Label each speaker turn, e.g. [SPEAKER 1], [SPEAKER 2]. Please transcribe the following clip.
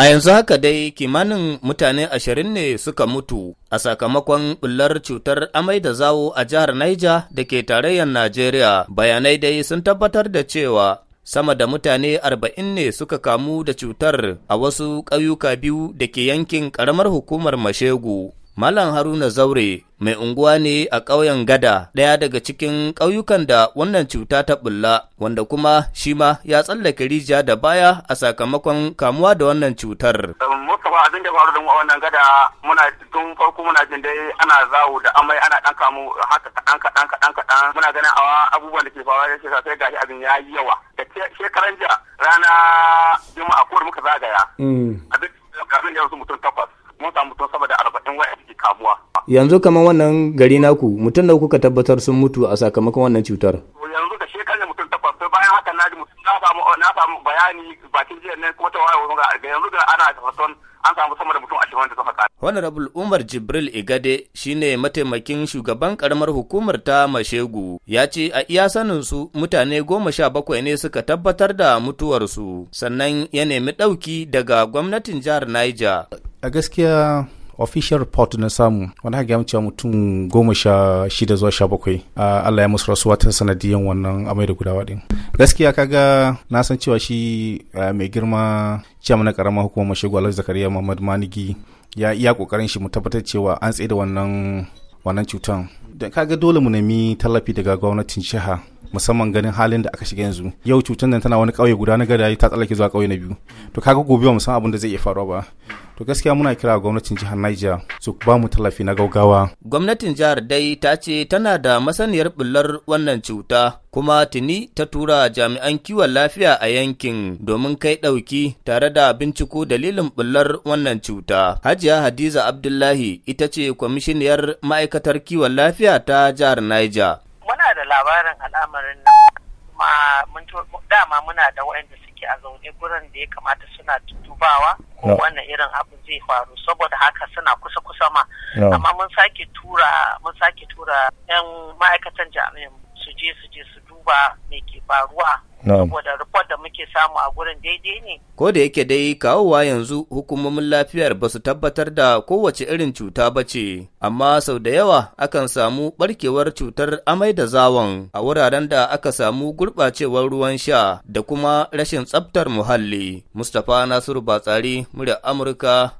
[SPEAKER 1] A yanzu haka dai kimanin mutane ashirin ne suka mutu a sakamakon bullar cutar amai da zawo a jihar Niger da ke tarayyar Najeriya. Bayanai dai sun tabbatar da cewa sama da mutane arba'in ne suka kamu da cutar a wasu ƙauyuka biyu da ke yankin ƙaramar hukumar Mashegu. Malam Haruna Zaure mai unguwa ne a ƙauyen Gada, ɗaya daga cikin ƙauyukan da wannan cuta ta ɓulla, wanda kuma shi ma ya tsallake rijiya da baya a sakamakon kamuwa da wannan cutar.
[SPEAKER 2] Mustapha abin da faru da mu wannan gada muna tun farko muna jin dai ana zawo da amai ana ɗan kamu haka kaɗan kaɗan kaɗan kaɗan muna ganin awa abubuwan da ke faruwa da shi sai gashi abin ya yi yawa. Da shekaran jiya rana juma'a kowar muka zagaya. Mm. Abin da mutum takwas. cikin
[SPEAKER 1] waɗanda suke kamuwa. Yanzu kamar wannan gari naku mutum da kuka tabbatar sun mutu a sakamakon wannan cutar. Yanzu da
[SPEAKER 2] shekarar mutum takwas bayan haka na ji mutum na samu na samu bayani bakin jiya ne kuma ta wayo ga yanzu da ana tabbatar an samu
[SPEAKER 1] sama da mutum a ashirin da suka kare. Honorable Umar Jibril Igade shine mataimakin shugaban karamar hukumar ta Mashegu ya ce a iya sanin su mutane goma sha bakwai ne suka tabbatar da mutuwarsu sannan ya nemi ɗauki daga gwamnatin jihar Niger.
[SPEAKER 3] A gaskiya official report na samu wani haka ya cewa mutum goma sha shida zuwa sha bakwai Allah ya musu rasu ta sanadiyan wannan amai da gudawa din gaskiya kaga na san cewa shi mai girma ciyama na karama hukumar shigo Alhaji Zakariya Muhammad Manigi ya iya kokarin shi mu tabbatar cewa an tsaye da wannan wannan cutan da kaga dole mu nemi tallafi daga gwamnatin jiha musamman ganin halin da aka shiga yanzu yau cutan nan tana wani ƙauye guda na gada ta tsallake zuwa kauye na biyu to kaga gobe ba mu san abin da zai iya faruwa ba to gaskiya muna kira gwamnatin jihar Niger su ba mu tallafi na gaugawa
[SPEAKER 1] gwamnatin jihar dai ta ce tana da masaniyar bullar wannan cuta kuma tuni ta tura jami'an kiwon lafiya a yankin domin kai ɗauki tare da binciko dalilin bullar wannan cuta hajiya hadiza abdullahi ita ce kwamishiniyar ma'aikatar kiwon lafiya ta jihar Niger
[SPEAKER 2] muna da labarin al'amarin nan dama muna da waɗanda suke a zaune gurin da ya kamata suna dubawa ko wannan irin abu zai faru saboda haka suna kusa kusa ma amma mun sake tura mun sake tura yan ma'aikatan jami'in su je su je su duba me ke faruwa saboda report da muke samu a gurin daidai
[SPEAKER 1] ne ko da yake dai kawowa yanzu hukumomin lafiyar ba su tabbatar da kowace irin cuta ba ce amma sau da yawa akan samu barkewar cutar amai da zawon a wuraren da aka samu gurɓacewar ruwan sha da kuma rashin tsabtar muhalli mustapha nasiru batsari murya amurka